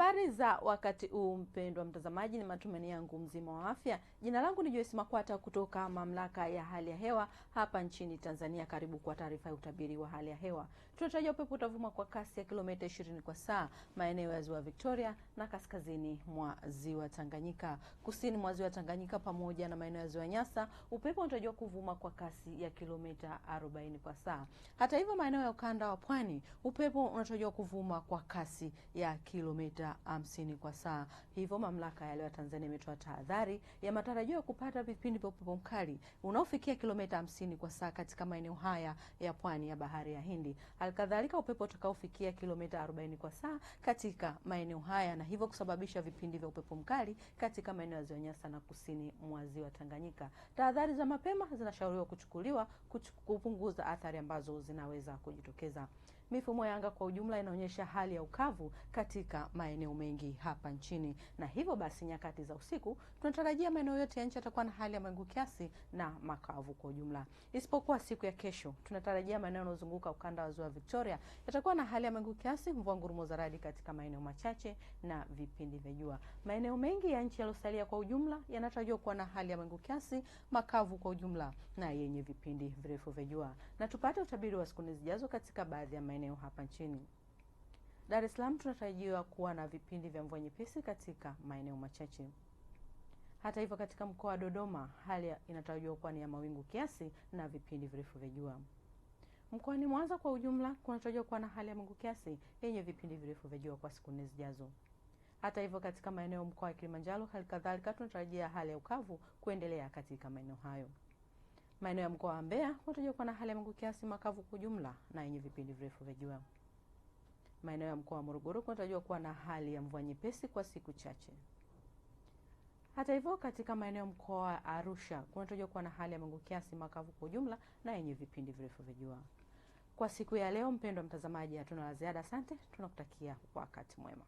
Habari za wakati huu mpendwa mtazamaji, ni matumaini yangu mzima wa afya. Jina langu ni Joyce Makwata kutoka mamlaka ya hali ya hewa hapa nchini Tanzania. Karibu kwa taarifa ya utabiri wa hali ya hewa. Tunatarajia upepo utavuma kwa kasi ya kilomita 20 kwa saa maeneo ya ziwa Victoria na kaskazini mwa ziwa Tanganyika. Kusini mwa ziwa Tanganyika pamoja na maeneo ya ziwa Nyasa, upepo unatarajiwa kuvuma kwa kasi ya kilomita 40 kwa saa. Hata hivyo, maeneo ya ukanda wa pwani, upepo unatarajiwa kuvuma kwa kasi ya kilomita hamsini kwa saa. Hivyo mamlaka ya hewa Tanzania imetoa tahadhari ya matarajio ya kupata vipindi vya upepo mkali unaofikia kilomita hamsini kwa saa katika maeneo haya ya pwani ya bahari ya Hindi, halikadhalika upepo utakaofikia kilomita arobaini kwa saa katika maeneo haya, na hivyo kusababisha vipindi vya upepo mkali katika maeneo ya ziwa Nyasa na kusini mwa ziwa Tanganyika. Tahadhari za mapema zinashauriwa kuchukuliwa kupunguza athari ambazo zinaweza kujitokeza. Mifumo ya anga kwa ujumla inaonyesha hali ya ukavu katika maeneo maeneo mengi hapa nchini, na hivyo basi nyakati za usiku tunatarajia maeneo yote ya nchi yatakuwa na hali ya mawingu kiasi na makavu kwa ujumla, isipokuwa siku ya kesho tunatarajia maeneo yanayozunguka ukanda wa ziwa Victoria yatakuwa na hali ya mawingu kiasi, mvua ngurumo za radi katika maeneo machache na vipindi vya jua. Maeneo mengi ya nchi yaliyosalia kwa ujumla yanatarajiwa kuwa na hali ya mawingu kiasi, makavu kwa ujumla na yenye vipindi virefu vya jua. Na tupate utabiri wa siku zijazo katika baadhi ya maeneo hapa nchini. Dar es Salaam tunatarajiwa kuwa na vipindi vya mvua nyepesi katika maeneo machache. Hata hivyo, katika mkoa wa Dodoma hali inatarajiwa kuwa ni ya mawingu kiasi na vipindi virefu vya jua. Mkoani Mwanza kwa ujumla kunatarajiwa kuwa na hali ya mawingu kiasi yenye vipindi virefu vya jua kwa siku nne zijazo. Hata hivyo, katika maeneo mkoa wa Kilimanjaro hali kadhalika tunatarajia hali ya ukavu kuendelea katika maeneo hayo. Maeneo ya mkoa wa Mbeya kunatarajiwa kuwa na hali ya mawingu kiasi makavu kwa ujumla na yenye vipindi virefu vya jua maeneo ya mkoa wa Morogoro kunatarajiwa kuwa na hali ya mvua nyepesi kwa siku chache. Hata hivyo, katika maeneo mkoa wa Arusha kunatarajiwa kuwa na hali ya mawingu kiasi, makavu kwa ujumla na yenye vipindi virefu vya jua. Kwa siku ya leo, mpendwa mtazamaji, hatuna la ziada. Asante, tunakutakia wakati mwema.